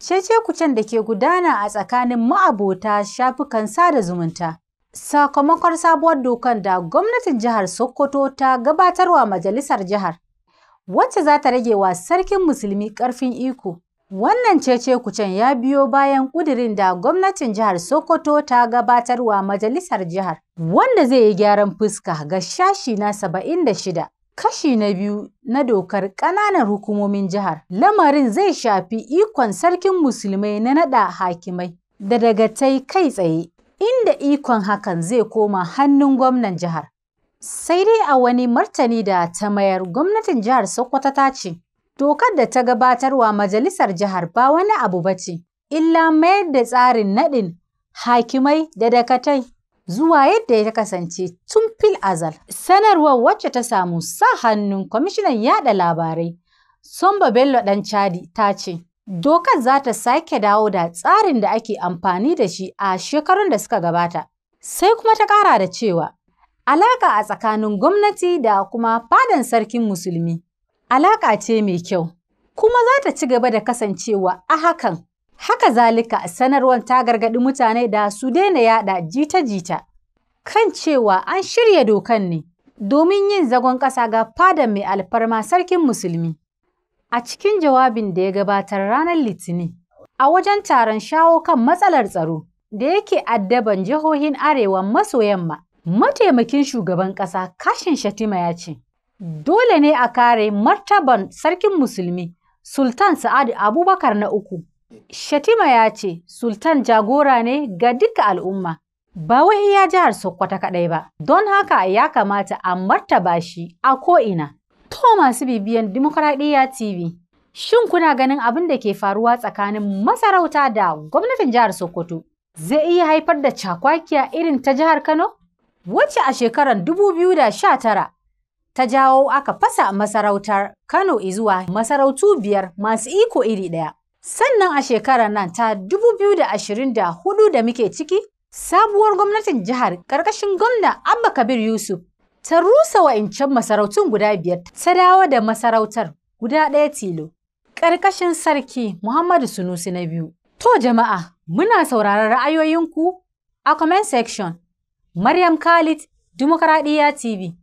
cece-kucen da ke gudana a tsakanin ma'abota shafukan sada zumunta. Sakamakon sabuwar dokan da gwamnatin jihar Sokoto ta gabatarwa majalisar jihar, wacce za ta rage wa sarkin musulmi karfin iko. Wannan cece-kucen ya biyo bayan ƙudirin da gwamnatin jihar Sokoto ta gabatarwa majalisar jihar, wanda zai yi gyaran fuska ga shashi na shida. Kashi na biyu na dokar ƙananan hukumomin jihar, lamarin zai shafi ikon sarkin musulmai na naɗa hakimai da daga dagatai kai tsaye, inda ikon hakan zai koma hannun gwamnan jihar. Sai dai a wani martani da ta mayar gwamnatin jihar Sokoto ta ce, dokar da ta gabatarwa majalisar jihar ba wani abu ba ce, illa mayar da tsarin naɗin hakimai da dakatai zuwa yadda ya kasance tun fil azal. Sanarwar wacce ta samu sa hannun kwamishinan yada labarai, Somba Bello ɗan Chadi ta ce, Dokar za ta sake dawo da tsarin da ake amfani da shi a shekarun da suka gabata. Sai kuma ta ƙara da cewa, Alaka a tsakanin gwamnati da kuma fadan sarkin musulmi, alaka ce mai kyau, kuma za ta ci gaba da kasancewa a hakan Haka zalika sanarwar ta gargaɗi mutane da su daina yaɗa jita-jita kan cewa an shirya dokan ne domin yin zagon ƙasa ga fadan mai alfarma sarkin musulmi. A cikin jawabin da ya gabatar ranar Litinin a wajen taron shawo kan matsalar tsaro da yake addaban jihohin Arewa maso yamma, mataimakin shugaban ƙasa Kashin Shatima ya ce, Dole ne a kare martaban sarkin musulmi Sultan Sa'adu Abubakar na uku Shatima ya ce Sultan jagora ne ga duka al'umma, ba wai iya jihar Sokoto kaɗai ba, don haka ya kamata a martaba shi a ko'ina. To masu bibiyan Dimokuraɗiyya TV, shin kuna ganin abin da ke faruwa tsakanin masarauta da gwamnatin jihar Sokoto zai iya haifar da cakwakiya irin ta jihar Kano? Wace a shekarar 2019 ta jawo aka fasa masarautar Kano izuwa masarautu biyar masu iko iri ɗaya. Sannan a shekarar nan ta 2024 da muke ciki, sabuwar gwamnatin jihar ƙarƙashin gwamna Abba Kabir Yusuf ta rusa wa'incan masarautun guda biyar ta dawo da masarautar guda ɗaya tilo. Ƙarƙashin sarki Muhammadu Sunusi na biyu. To jama'a, muna sauraron ra'ayoyinku a comment section. Maryam Khalid, Dimokuraɗiyya TV.